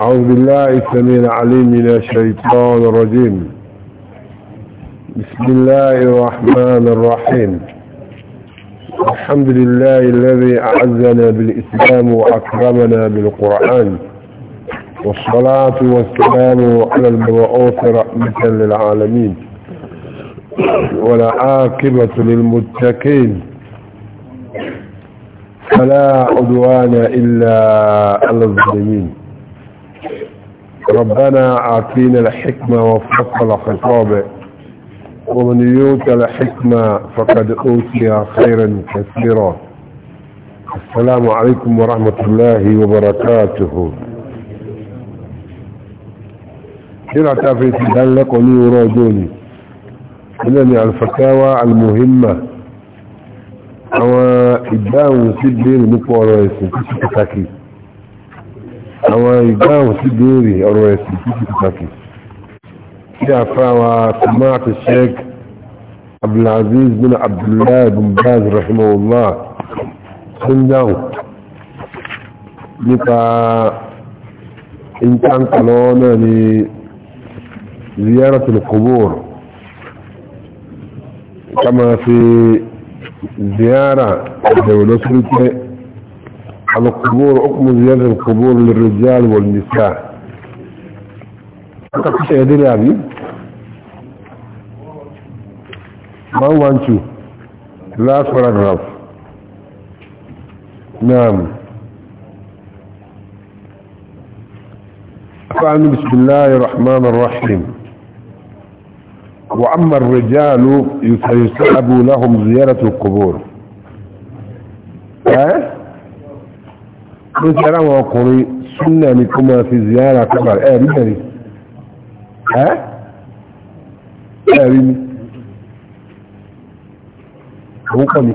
أعوذ بالله السميع العليم من الشيطان الرجيم بسم الله الرحمن الرحيم الحمد لله الذي أعزنا بالإسلام وأكرمنا بالقرآن والصلاة والسلام على المبعوث رحمة للعالمين والعاقبة للمتقين فلا عدوان إلا على الظالمين ربنا أعطينا الحكمة وفصل خطابه ومن يوت الحكمة فقد أوتي خيرا كثيرا السلام عليكم ورحمة الله وبركاته هنا تعرفين تدلق ولي ورادوني إنني الفتاوى المهمة هو إبداء وسيد بين المقوى الرئيسي كيف أواي قاوة ديري أرويسي في كتاكي إذا فاوى سمعت الشيخ عبد العزيز بن عبد الله بن باز رحمه الله سنجاو لقى إن كان قلونا لزيارة القبور كما في زيارة الدولة سلطة على القبور حكم زيارة القبور للرجال والنساء انت كيف يدير يا عبيد ما هو انتو لا paragraph نعم فعن بسم الله الرحمن الرحيم وأما الرجال يسحب لهم زيارة القبور ها؟ من سلام سنة لكم في زيارة كبر أبي أبي ها أبي هو كم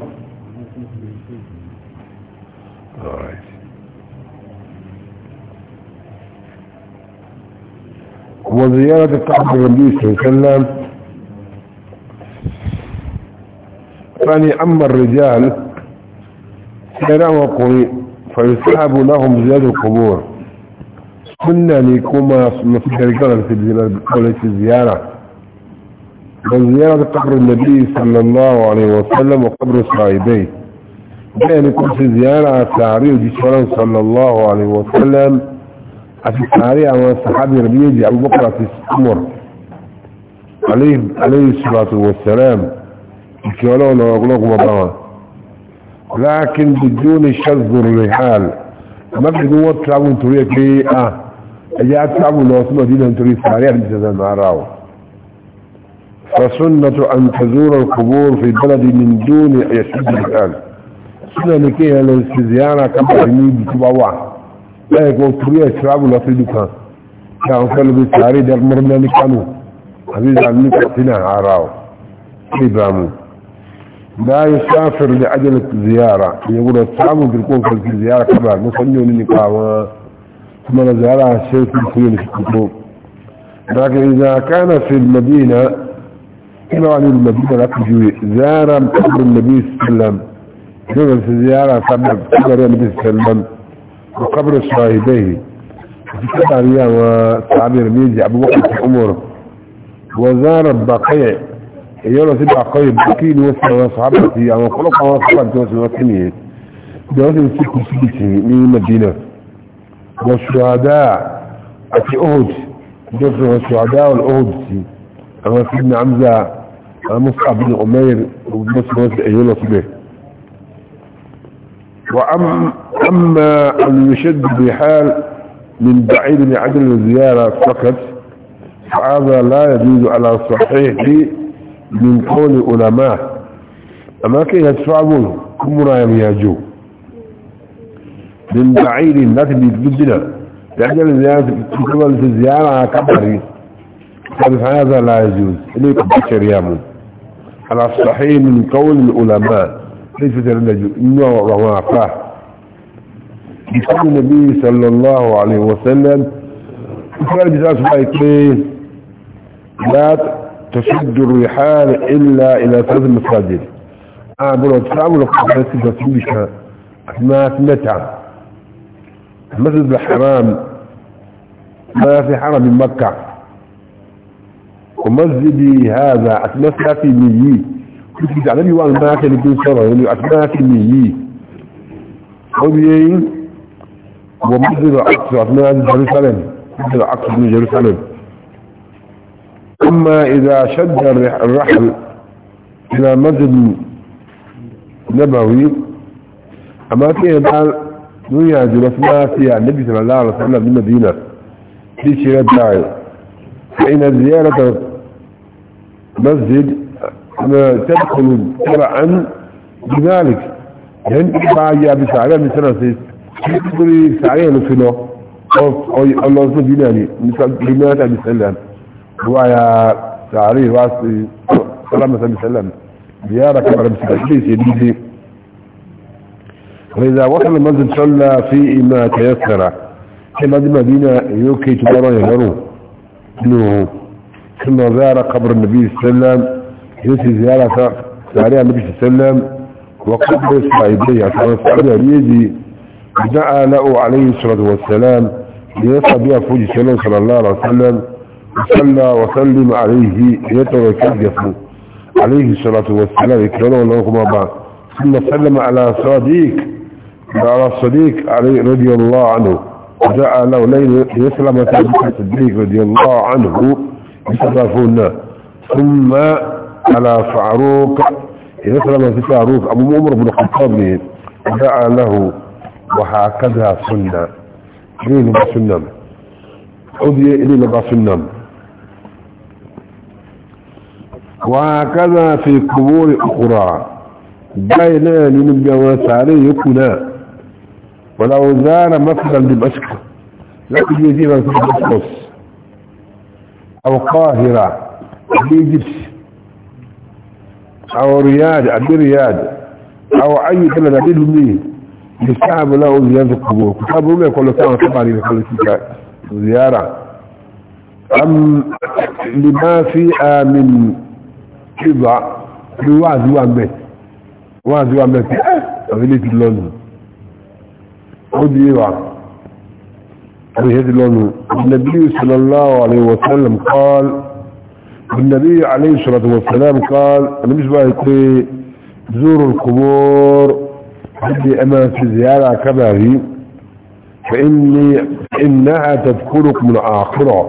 وزيارة الكعبة النبي صلى الله عليه وسلم ثاني أما الرجال سلام وقري فيسحب لهم زياد القبور كنا لكما مسجرقنا في الزيارة وزيارة قبر النبي صلى الله عليه وسلم وقبر صاحبيه يعني كل زيارة تعريه جسولا صلى الله عليه وسلم في تعريه عن الصحابي دي أبو بقرة في السمر عليه, عليه الصلاة والسلام يقولون ويقولون وبرا لكن بدون شذ الرحال ما في قوة تعب نتوريه كي اه اجاء تعب الوصول دينا نتوريه ساريا نتزان عراو فسنة ان تزور القبور في البلد من دون يشذ الرحال سنة لكيها للسيزيانة كما يميد تبعوا لا يكون توريه تعب الوصول دوكا كان قلب الساري دار مرنا نكانو حبيب عمي قتنا عراو إبرامو لا يسافر لأجل الزيارة يقول السلام بالكون في الزيارة كبار نصنيون النقاوة ثم الزيارة الشيخ الكوين في الكتب لكن إذا كان في المدينة إلا عن المدينة لا تجوي زار قبر النبي صلى الله عليه وسلم يقول في زيارة قبر قبر النبي صلى الله عليه وسلم وقبر صاحبيه في كبار وتعبير ميزي أبو وقت عمر وزار البقيع يلا سيدي عقيب اكيد وصل صاحبتي انا خلاص انا صاحبتي وصلت كميه دوله سيكو سيكو من المدينه والشهداء في اهود دوله الشهداء والاهود في انا في ابن عمزه انا مصعب بن عمير وبس بس يلا سيدي واما اما ان يشد بحال من بعيد لعدل الزياره فقط فهذا لا يجوز على صحيح من قول علماء أما كي يتفعبون كم يا جو من بعيد لكن يتبدنا يحجب الزيارة تقبل في الزيارة كبري فهذا لا يجوز إليك بشر من على الصحيح من قول العلماء ليس جو إنه رمافة بسم النبي صلى الله عليه وسلم قال بسم الله لا تشد الرحال إلا إلى ثلاث مساجد أعمل وتعمل قبل تسميك أثناء متعة مثل الحرام ما في حرم مكة ومسجدي هذا أثناء في ميي كنت تعلمي وأن ما كان يكون صلاة يعني في ميي ومسجد الأقصى أثناء جيروسالم مسجد الأقصى من جيروسالم أما إذا شد الرحل إلى مسجد نبوي أما فيه الآن دنيا جلس ما فيها النبي صلى الله عليه وسلم من مدينة في شيرات داعي فإن زيارة مسجد تدخل تبعا بذلك يعني بعد يا بسعرها من سنة سيس تقولي سعرها لفنه أو الله سبحانه وتعالى بما تعمل سلام رواية تعريف راسي سلامة بسلام زيارة كبر بسلام يديدي وإذا وصل المنزل صلى فيه ما تيسر كما دي مدينة يوكي تبارا يهرو إنه كما زار قبر النبي صلى الله عليه وسلم يوسي زيارة سعرية النبي صلى الله عليه وسلم وقبر إسرائيلية كان صلى يدي دعا له عليه الصلاة والسلام ليصل بها فوجي صلى الله عليه وسلم صلى وسلم عليه يتوكف عليه الصلاة والسلام الله لهم بعد ثم سلم على صديق على صديق عليه رضي الله عنه ودعا له ليل يسلم صديق رضي الله عنه يتضافون ثم على فاروق يسلم في فاروق ابو عمر بن الخطاب دعا له وهكذا سنة دين بسنة أضي إلي لبا سنة وهكذا في قبور أخرى بينا لنبقى سعري يكونا ولو زال مثلا دمشق لكن يجب أن تدمشق أو قاهرة ليجبس أو رياض أبي رياض أو أي كلا نبيل لمين يستعب له زيارة القبور كتاب رمي يقول له سنة طبعا يقول لك زيارة أم لما فيها من ìgbà ní wà ní wà mẹ́ wà ní wà mẹ́ tí ẹ́ ọ̀rẹ́lẹ̀ ti lọ́nu ó di wà ọ̀rẹ́lẹ̀ ti lọ́nu orele ti lonu kọ́l النبي عليه الصلاة والسلام قال أنا مش بقى زوروا القبور عندي أما في زيارة كباري فإني إنها تذكركم الآخرة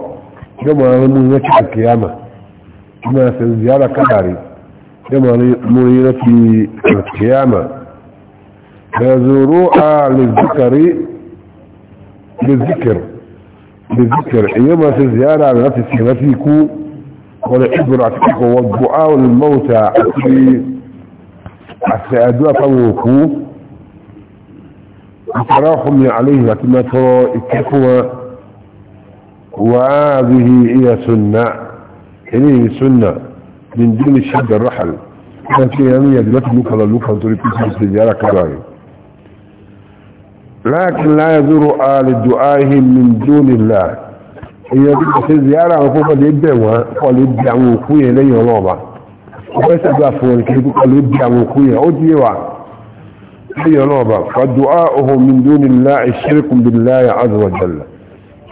كما من ذكر القيامة ما في الزيارة كاري كما مرينا في القيامة يزوروها للذكر للذكر للذكر ايما في الزيارة على نفس سيرتك والعبر عتقك والدعاء للموتى في السعدوة فوقه التراحم عليه لكما ترى اتكوا وهذه هي سنه إليه السنة من دون الشد الرحل كان في يومية دلوقتي لوكا لوكا نطريق في السجارة كباري لكن لا يزور آل دعائهم من دون الله هي دلوقتي في الزيارة وفوق الإبداع والإبداع وقوية لي ولوبة وفيس أبافون كيف يقول الإبداع وقوية أديوة لي ولوبة فالدعاؤهم من دون الله الشرك بالله عز وجل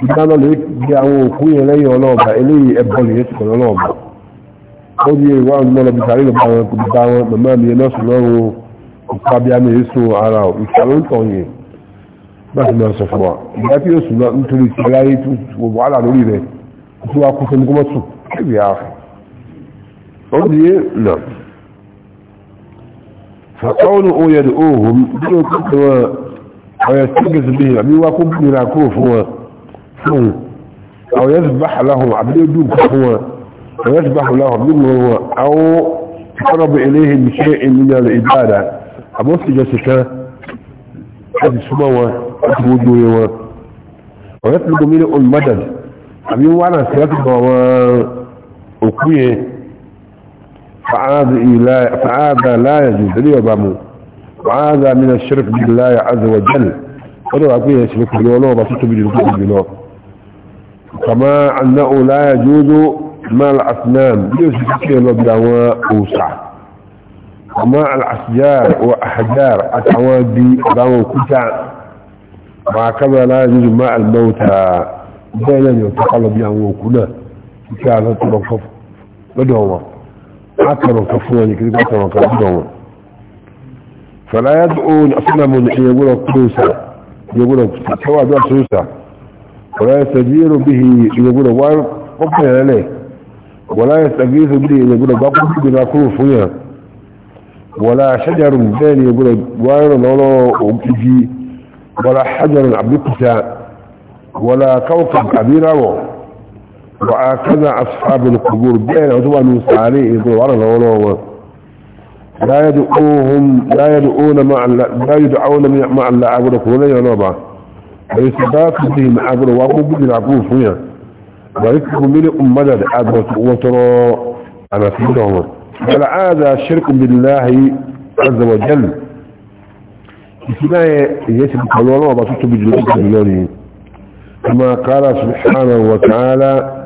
ìdáná lè gbé àwọn òkú yẹn lẹ́yìn ọlọ́ọ̀bà eléyìí ẹbọ lè yẹ sùkọ̀ lọ́ọ̀bà ó di ìwà ọmọ lọ́bi sàrí lọ́ba àwọn ẹkùn bá wọn màmá mi lọ́sùn lọ́rùn òkú abíámi èso ara ò ìsàlọ́ ń tàn yẹn láti máa sọ fún wa ìgbà tí yóò sùn lọ nítorí ti aláyé tó wàhálà lórí rẹ tó wá kó sọmú kó kébì á ó di yé nà fàtọ́wọ́nù ó yẹ bí ó kó fún wọn ọ̀yà tí bí àbí wá fún wọn او يذبح له عبد يدوب هو ويذبح لهم منه هو او تقرب اليه بشيء من العبادة ابو سجسك هذه سماوة وجوه ويطلب منه المدد ابي وانا سيكتب وكوية فهذا لا يجوز لي بامو وهذا من الشرك بالله عز وجل ولو أقول يشرك بالله ولو بسيط بالله كما أنه لا يجوز مع الأصنام يوسف لبدا أوسع ومع الأشجار وأحجار أتعوادي رام كتع وهكذا لا يجوز مع الموتى بين يتقلب يوم وكنا كان ترفف بدهما حتى لو تفوني حتى لو تفوني فلا يدعو أصنام يقول لك يقول لك سواء دعا سوسة ولا يستجير به يقول وقف عليه ولا يستجير به يقول وقف بلا كروف فيها ولا شجر ثاني يقول وائر ولا أبتجي ولا حجر عبدكسا ولا كوكب عبيره وهكذا أصحاب القبور بين عدوى موسى عليه يقول ولا ولا لا يدعوهم لا يدعون مع لا يدعون مع الله عبدك ولا ينوبه ويتباك بهم عبر وابو بدل عبور فيها ويكتب منهم مدد عبر وترى أنا فيهم فالعادة شرك بالله عز وجل إثناء يسب قلوان وبطلت بجلوك مليونين كما قال سبحانه وتعالى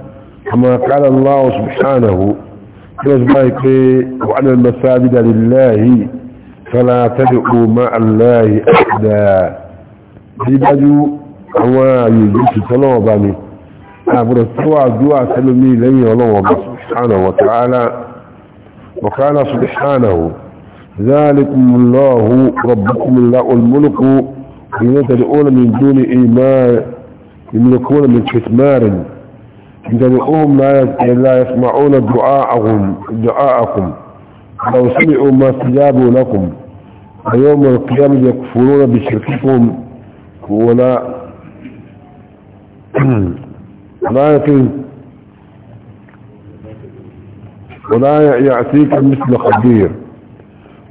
كما قال الله سبحانه وعن المساجد لله فلا تدعوا مع الله أحدا dídájú àwọn ààyè ìgbésù ذلكم الله ربكم الله الملك حين تدعون من دون إيمان يملكون من كتمار تدعوهم لا يسمعون دعاءهم دعاءكم لو سمعوا ما استجابوا لكم ويوم القيامة يكفرون بشرككم ولا لكن ولا يعطيك مثل خبير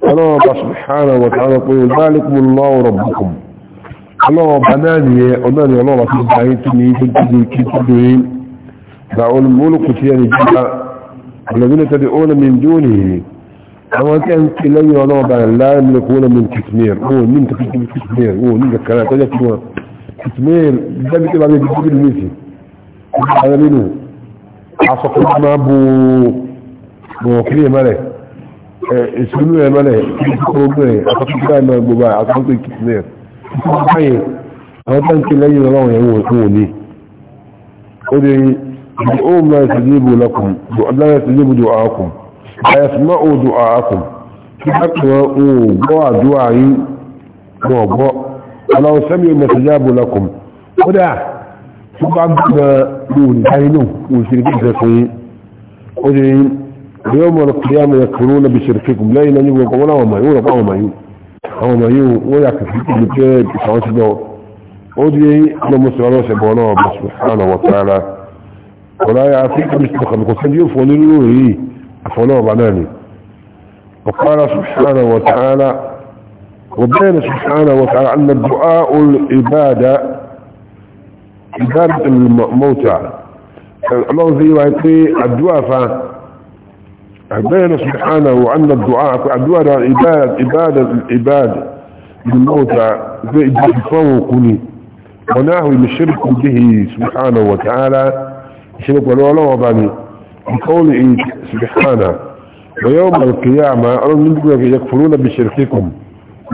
الله سبحانه وتعالى يقول ذلكم الله ربكم الله بناني أناني الله في بعيتني تجدي كتبين دعو الملك تياني جدا الذين تدعون من دونه àwọn tẹ́ ń pe lẹ́yìn ọlọ́ọ̀bà láàrin kó lọ́mọ kìtìmẹ́ẹ̀r ó ní nǹkan tó kìtìmẹ́ẹ̀r ó ní nǹkan kan tọ́jọ́ tí wọ́n kìtìmẹ́ẹ̀r dábí tó bá gbé bíbí nínú ìsìn àwọn nínú aṣọ tó máa bo bọ̀ kí ẹ̀ mọ́lẹ̀ ìṣúnú ẹ̀ mọ́lẹ̀ ìṣúnú ẹ̀ aṣọ tó bá máa gbogbo aṣọ tó kìtìmẹ́ẹ̀r àwọn tẹ́ ń pe lẹ́yìn ọlọ́ọ̀yẹ̀ ayasma'u du'aakum o adua yi lakum ya kúrò lọ́bí ṣèrèkìkù lẹ́yìn lẹ́yìn gbogbo nye àwọn mayó rọ̀pọ̀ àwọn mayó àwọn mayó wọ́n yà kìí kìí pé ìsàwọn sí lọ ó di ọmọ mùsùlùmí ọ̀sẹ̀ bọ̀ náà bọ̀ subhanahu wa ta'ala ọ̀rọ̀ ayà afirka mr kọ̀mọ̀kọ̀ sẹ́ni yóò fọ́ nínú فلو بناني وقال سبحانه وتعالى وبين سبحانه وتعالى أن الدعاء العبادة عبادة الموتى الله زي وعيكي الدعاء ف بين سبحانه وأن الدعاء الدعاء عبادة عبادة العباد الموتى زي فوقني وناهي من الشرك به سبحانه وتعالى شرك ولو لو وبني بقوله سبحانه ويوم القيامة أرون منكم يكفرون بشرككم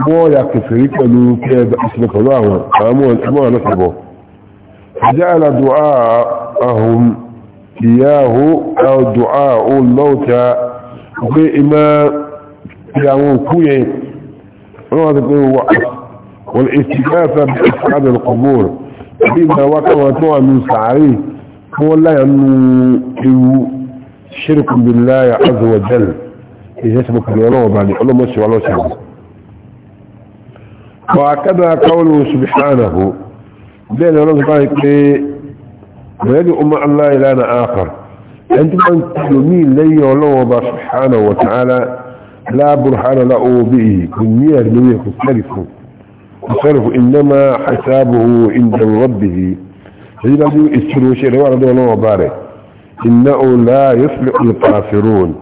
مو يكفرك لك اسمك الله أمو نصبه فجعل دعاءهم إياه أو دعاء الموتى وإما يعمون كوية والاستغاثة بإسعاد القبور بما وقعتها من سعريه هو لا ينو شرك بالله عز وجل إذا يسبك الولوب عليه الله مسي والله سبحانه وهكذا قوله سبحانه بين الله سبحانه إيه؟ ويدعو مع الله إلانا آخر أنت من تحلمين لي والله سبحانه وتعالى لا برهان له به كنير ليه كسرفه كسرفه إنما حسابه عند ربه هذه يسر وشيء رواه الله وبارك إنه لا يصلح الكافرون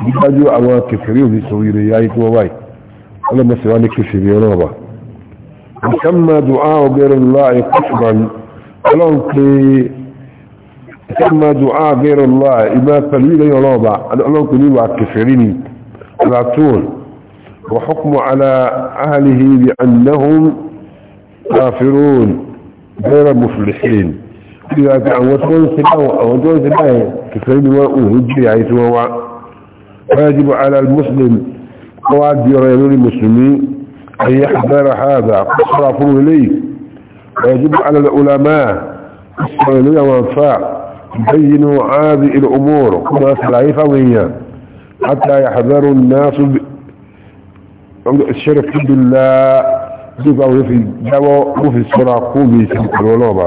بجاجو أما كفرين في سويري يايك وواي باي أنا مسواني كفرين رابا وكما دعاء غير الله قصبا ألون كي كما دعاء غير الله إما تلويل يا رابا ألون كي كفرين على طول وحكم على أهله بأنهم كافرون غير مفلحين bí wá pé àwọn tó ń ṣe báwọn àwọn tó ń ṣe báyẹn kìfẹ́ ni wọ́n ń hù jírí àyè tí wọ́n wá wọ́n yẹ ala muslim wọ́n wá di ọ̀rọ̀ lórí mùsùlùmí ayé àbẹ́rẹ̀ hàdà kó sọ́ra fún eléyìí wọ́n yẹ ala ulama sọ̀rọ̀ lórí àwọn afá ìbẹ́yìnú áàbí ilẹ̀ umoro kó máa sàlàyé fáwọn èèyàn حتى يحذروا الناس الشرك بالله ذكروا في جوا وفي السرعة قوبي سنة الولوبة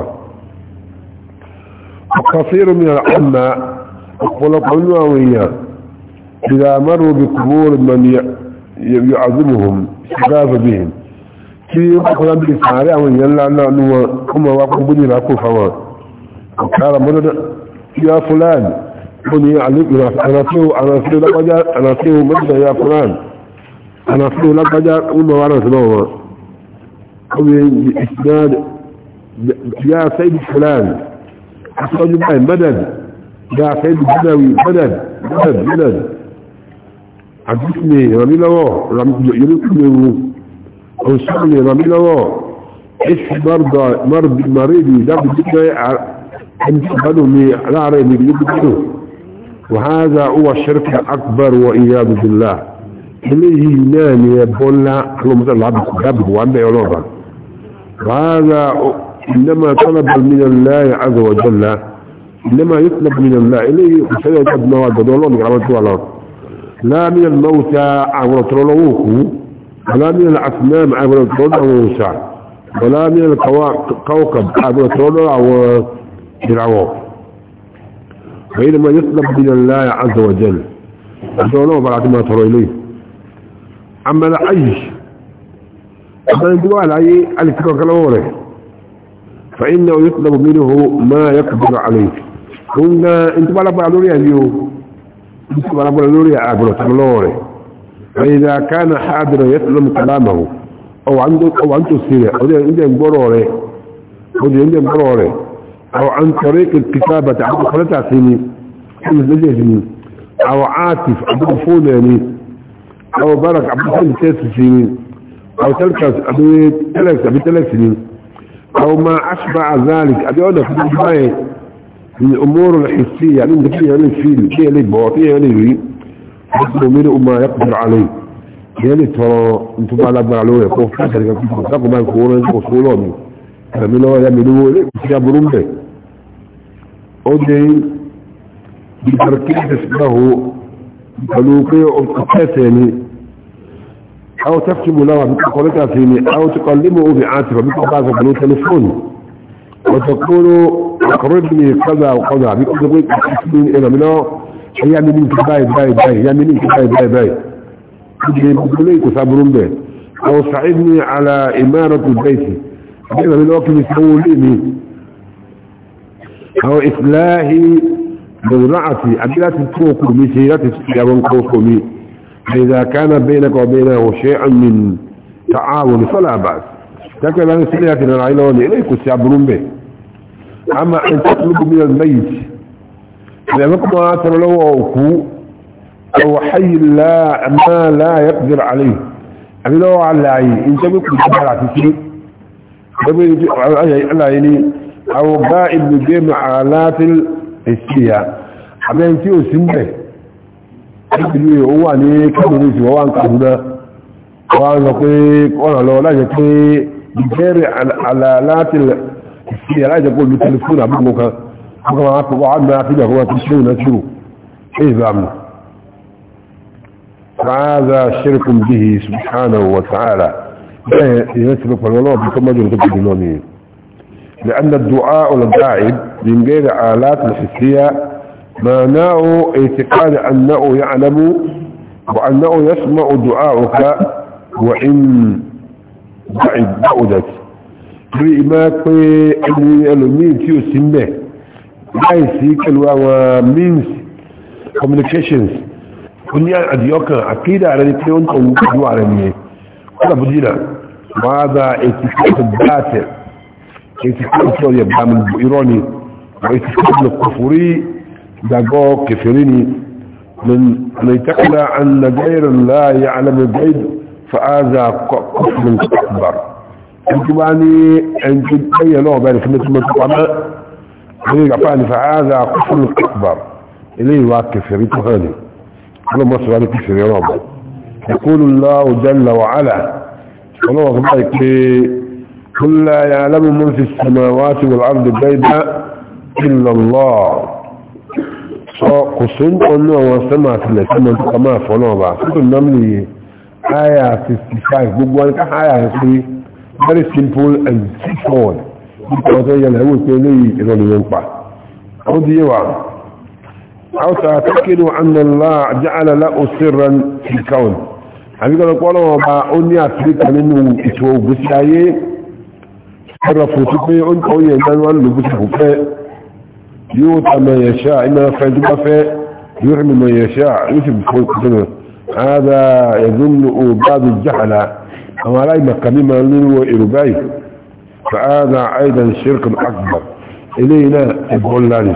كثير من العامة أخلق النووية إذا مروا بقبور من يعظمهم استغاث بهم كي يقول أن الإسعارة ويلا أنه كما وقم بني لأكو فوا وقال مدد يا فلان بني عليك أنا فيه أنا فيه لك وجاء أنا فيه مدد يا فلان أنا فيه لك وجاء أمه وأنا سنوه قبل إسناد يا سيد فلان حصل معين بدل جاء سيد البدوي بدل بدل بدد عدسني رمي لو يرمي أوصلني رمي لو إيش مرضى مرض مريضي ده بدنا بدهم لا عريني بدهم وهذا هو الشرك الأكبر وإياب بالله إليه نام يبون لا اللهم صلى الله عليه وسلم وعنده يولوبا وهذا إنما طلب من الله عز وجل إنما يطلب من الله إليه وسيد أبنى الله لا من الموتى عبر عورترولوكو ولا من الأسنام عبر عورترولوكو ولا من الكوكب عورترولوكو وإنما يطلب من الله عز وجل أدولوه برعت ما ترى إليه أما العيش أما الدواء العيش ألتكوك الأوري فإنه يطلب منه ما يقدر عليه قلنا انت بلا بلا اليوم انت بلا بلا لوريا اقول فإذا كان حاضرا يطلب كلامه أو عنده أو عنده سيرة أو عنده مبروري أو عنده مبروري أو عن طريق الكتابة عن ثلاثة سنين خمس سنين أو عاطف أبو يعني أو برك أبو ثلاث سنين أو ثلاث عبد ثلاث أبو ثلاث سنين أو ما أشبع ذلك أبي أقول لك من الأمور الحسية يعني أنت في ليه فيل فيها ليه بوا فيها ليه ري يطلب منه ما يقدر عليه يعني ترى أنتم على أكبر علوه يقول فاتر يقول فاتر ما يقول يقول صولوني فمنه يعملوه ليه يعبرون به أدعي بتركيز اسمه بلوكي كيه أبقى ثاني أو تكتب له بتقولك فيني أو تكلمه بعاتفة بتقولك بلو تلفون وتقول أقربني كذا وكذا بتقولك أكتبين إلى منه يعمل منك باي باي باي يعمل منك باي باي باي تجري بتقولك صبرون به أو ساعدني على إمارة البيت دائما من الوقت يسوليني أو إصلاح مزرعتي أبيلات الكوكو مسيرات يا كوكو مي فإذا كان بينك وبينه شيء من تعاون فلا بأس لكن أنا سمعت سليك العيلون إليك وسيعبرون به أما أن تطلب من الميت لأنك ما ترى له أوكو أو حي لا ما لا يقدر عليه أبي لو على عين أنت بكم تبهر عتسير على عيني أو بائد بجمع آلات الإسلية أما أنت أسمه ìpìlú ó wà ní kẹ́lùmísì wọ́n wá ń kàdúná wọ́n sọ pé ọ̀nà lọ láìjẹ́ pé ìbẹ̀rẹ̀ aláàláti ìsìnlẹ̀ láìjẹ́ pé olú tẹlifóònù àbúgbò kan wọ́n máa pọ̀ wọ́n máa fi jàkọ́ ti ṣe ìrìnà ṣírò ìbámu fàáza ṣírkùn bí i subhanahu wa ta'ala bẹ́ẹ̀ ìyẹn ti pẹ̀lú ọlọ́ọ̀bí tó mọ́jọ́ tó gbìdì lọ nìyẹn لأن الدعاء الداعب من غير آلات الحسية معناه اعتقاد أنه يعلم وأنه يسمع دعاءك وإن بعد بعدت قريمات الألومين في السماء ليس كلوا ومنس communications كل يوم أديوك أكيد على الكلون تنقضوا على المياه كل بدينا وهذا اتفاق الباتر اتفاق الصوري بعمل بإيراني واتفاق الكفري دقوق كفرني من أن يتقل أن غير لا يعلم الغيب فآذا قسم أكبر أنت باني أنت أي نوع باني كنت من تقامة فهذا قسم أكبر إليه واكفر يتهاني أنا مصر على كفر يا رب يقول الله جل وعلا الله أخبرك قل لا يعلم من في السماوات والأرض بيدا إلا الله sọ kò sí ń kọ́ ní àwọn sẹ́mà àtìlẹ̀ tí mo ti kọ́ máa fọ́ náà bá fúnpẹ̀ nọ́mìlì àyà 55 gbogbo wọn ká àyà rẹ̀ pé very simple and straightforward nípa ọ̀tọ̀ yẹn lẹ́wọ̀ pé eléyìí ìrọ̀lù yẹn pa ó di yé wa أو تعتقد أن الله جعل له سرا في الكون حبيبا نقول وما أني أفريك منه إتوه بسعي سر فوتكي أنت ويهدان وأن لبسه فيه يوضع ما يشاء إما يفعل ما فيه يعمل ما يشاء يجب فوق سنة هذا يظن بعض الجحلة أما لا يمكنين من إرباي فهذا أيضا شرك أكبر إلينا يقول لنا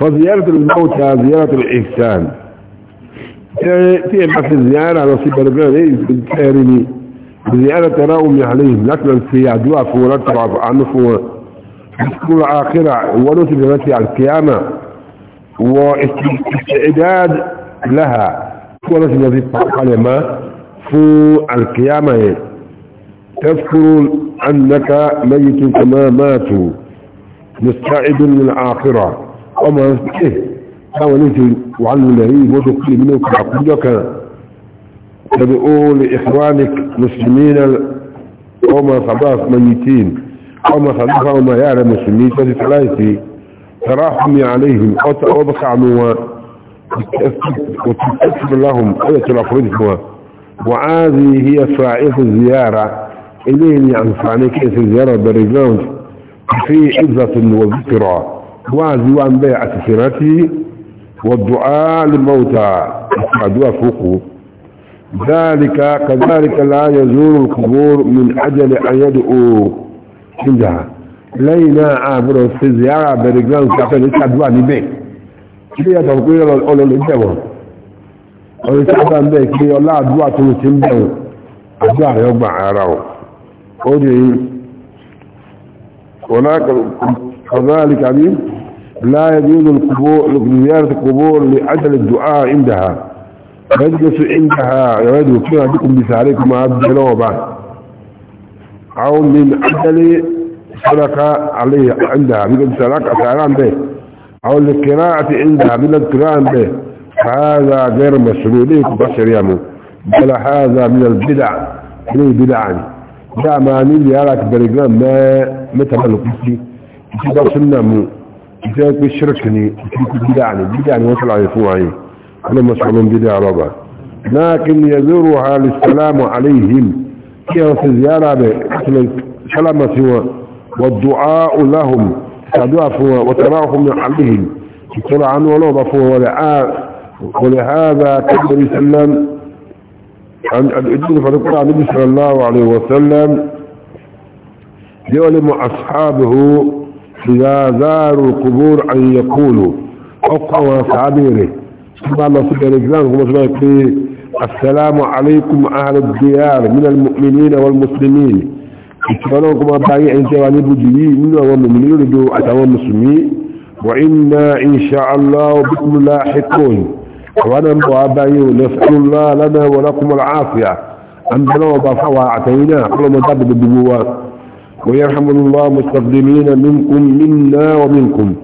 فزيارة الموت زيارة الإحسان تيه بس الزيارة على صيب البلاد ايه بتكارني زيارة راهم عليهم لكن في عدوها فورات عنه فورات تذكر العاقرة ولوت بمتي على القيامة واستعداد لها ولوت على القيامة فو القيامة تذكر أنك ميت كما ماتوا مستعد للآخرة وما إيه حاولت وعلم الله وتقل منك عقودك تدعو لإخوانك مسلمين وما صباح ميتين وما صدق وما يعلم سميت لثلاثة تراهم عليهم وبقع نوا وتكتب لهم أية الأفراد هو هي فائفة الزيارة إليهم يعني فعني كيس الزيارة بريجاند في عزة وذكرة وعاذي وعن بيع أسفراتي والدعاء للموتى بعد وفقه ذلك كذلك لا يزور القبور من أجل أن يدعوه níjà lẹ́yìn náà àbúrò ṣe ziyara bẹ̀rẹ̀ ground kafẹ́ ní sàdúrà níbẹ̀ ilé yàtọ̀ pé ọlọ́lẹ̀ bẹ̀wọ̀n ọlọ́lẹ̀ sábà ń bẹ̀ pé ọlá àdúrà tó ń ti bẹ̀wọ̀n àdúrà rẹ̀ ọgbà ara ọ̀ ó dì í wọ́n كذلك عميم لا يجوز القبور زيارة القبور لأجل الدعاء عندها يجلس عندها يريد كما بكم بسعريكم عبد الله وبعد أو من أجل سرق عليه عندها من سرق سعران به أو للقراءة عندها من القران به هذا غير ليك بشر يمو بل هذا من البدع من بدعا لا ما نيلي ليالك بريقان ما متملك بسي كتب سنمو كتب بشركني كتب بدعني بدعني وصل عيفو عيه أنا مسؤول بدع ربع لكن يزورها للسلام عليهم كيف زيارة به سلامة سوى والدعاء لهم الدعاء فهو وتراهم من عليهم يقول عنه ولو فهو ولهذا كبر سلم عن الإجل فتقول عن النبي صلى الله عليه وسلم يعلم أصحابه إذا زاروا القبور أن يقولوا أقوى صعبيره سبحان الله سبحانه رجلان هم سبحانه السلام عليكم أهل الديار من المؤمنين والمسلمين اتبعوكم أبعي عن جوانب من ومؤمنين لدو أتوى المسلمين وإنا إن شاء الله بكم لاحقون ونمو أبعي نسأل الله لنا ولكم العافية أن بلو بفوا أعتينا كل ما تبدو بجوة ويرحم الله مستقدمين منكم منا ومنكم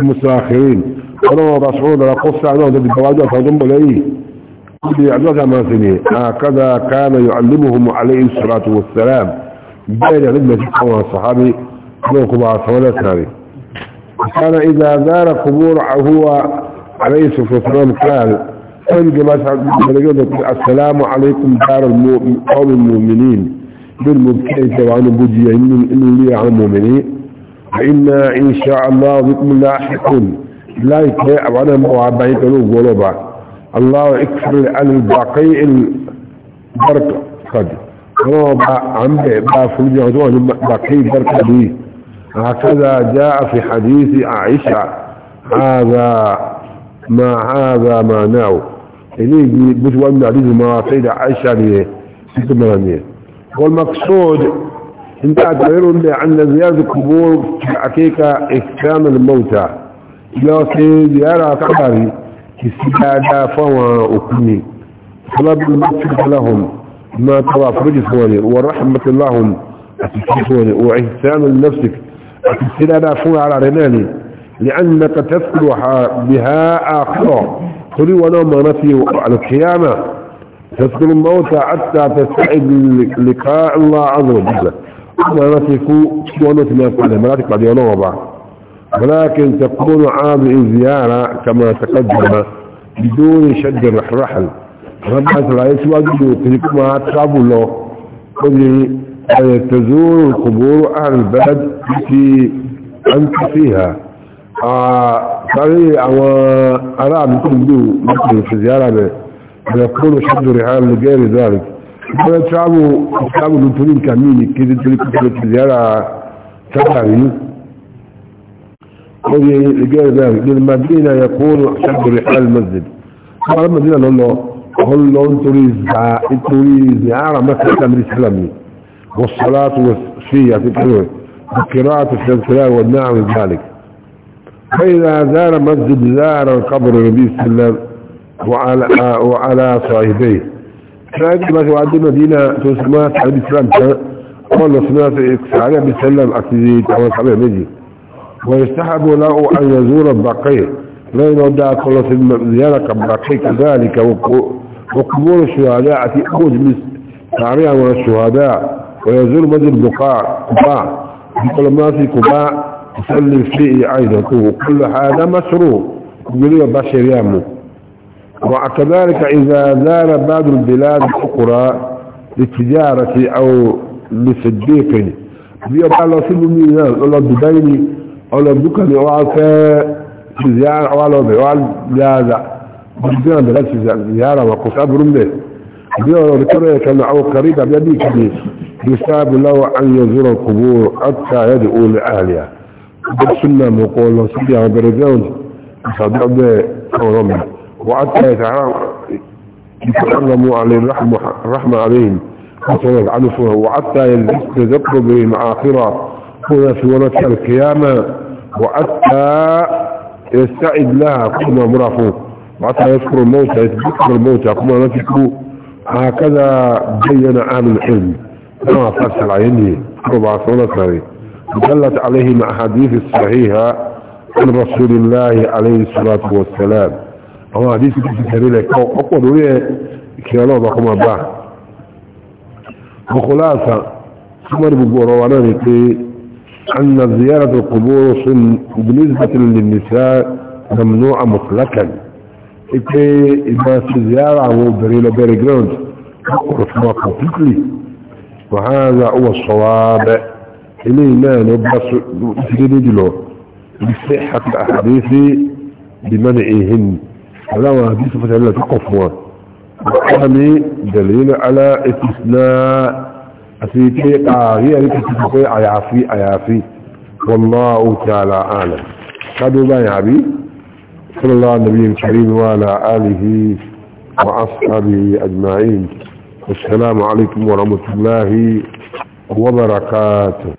المساخرين ولو بسعود لقصة عنه ذلك بواجهة فضم ليه بيعدوها ما سنين هكذا كان يعلمهم عليه الصلاة والسلام بين نجمة جحوة الصحابي لوكم عصولات هذه كان إذا دار قبور هو عليه الصلاة والسلام قال السلام عليكم دار قوم المؤمنين بالمبكين طبعا بجي إنه لي عن المؤمنين فإنا إن شاء الله بكم لاحقون لا يتبع وانا موعبين قلوب ولوبا الله اكثر عن الباقي البركة قد هو عم بافرج عدوان باقي البركة دي هكذا جاء في حديث عائشة هذا ما هذا ما ناو إليه بجوان من ما في عائشة ليه ستمانية والمقصود انت اعتبروا عن زيارة قبور في الحقيقة اكرام الموتى لو سيزيارة قبري استعادة فهو أكمي طلب المغفرة لهم ما ترى فرج ثواني والرحمة لهم أتسكي ثواني وإحسان لنفسك استعادة فهو على رناني لأنك تذكر بها آخرة قولي ونوم نفي على القيامة تذكر الموت حتى تستعد لقاء الله عز وجل وما نفيك ونوم نفي على ملاتك بعد يوم وبعد ولكن تكون عابئ الزيارة كما تقدم بدون شد الرحل ربعة العيس واجبوا تلكما تقابلوا قل تزور القبور أهل البلد التي أنت فيها طريق آه، أو أراء بكل دو مثل في زيارة ويكون شد الرحال لغير ذلك ولا تعبوا تعبوا لنتولين كميني كده تلك في زيارة تقريب لغير ذلك للمدينة يكون شد رحال المسجد قال المدينة قال له قل له انتري انتري زعارة مكة تمري سلمي والصلاة والسفية تتحوه بقراءة السلسلة والنعم ذلك فإذا زار مسجد زار القبر النبي صلى الله عليه وسلم وعلى, وعلى صاحبيه فأنت ما في توعد المدينة تسمى صحيح الإسلام قال له سمعت عليه بسلم أكتزيت أو صحيح مجي ويستحب له أن يزور البقية لا يودع كل زيارة البقية كذلك وقبول الشهداء في من تعريع من الشهداء ويزور مدى البقاء كباء يقول ما في كباء يسلم فيه عينته كل هذا مشروع يقول بشر يامه وكذلك إذا زار بعض البلاد الأخرى للتجارة أو لصديق يقول الله سلمي الله ببيني أولا بكني أولا في زيارة أولا في أولا لا لا بجدنا بلد في زيارة وقف أبرم به بيه أولا كان أولا قريبا بيدي كبير بسبب الله أن يزور القبور حتى يدعو لأهلها بسنة مقولة سبيا وبرزيون صديق وحتى يتعلم عليه الرحمة عليهم وحتى يتذكر بهم آخرة في ورثة القيامة وحتى يستعد لها كما مرافوه وحتى يذكر الموت يذكر الموت كما نفكه هكذا بين عام العلم كما فسر عينه ربع سنة دلت عليه مع حديث الصحيحة عن رسول الله عليه الصلاة والسلام هو حديث كثير لك أقول لي كيالو بكما با وخلاصة سمر بقوة نتي أن زيارة القبور بالنسبة للنساء ممنوعة مطلقا إذا في زيارة وبريل بيري جراوند رفما completely وهذا هو الصواب إلينا نبص نجله بصحة الأحاديث بمنعهن هذا هو حديث فتح الله تقفوا وقال دليل على استثناء أسيتي قاغي أريد أن تتكي أيافي صلى الله النبي الكريم وعلى آله وأصحابه أجمعين والسلام عليكم ورحمة الله وبركاته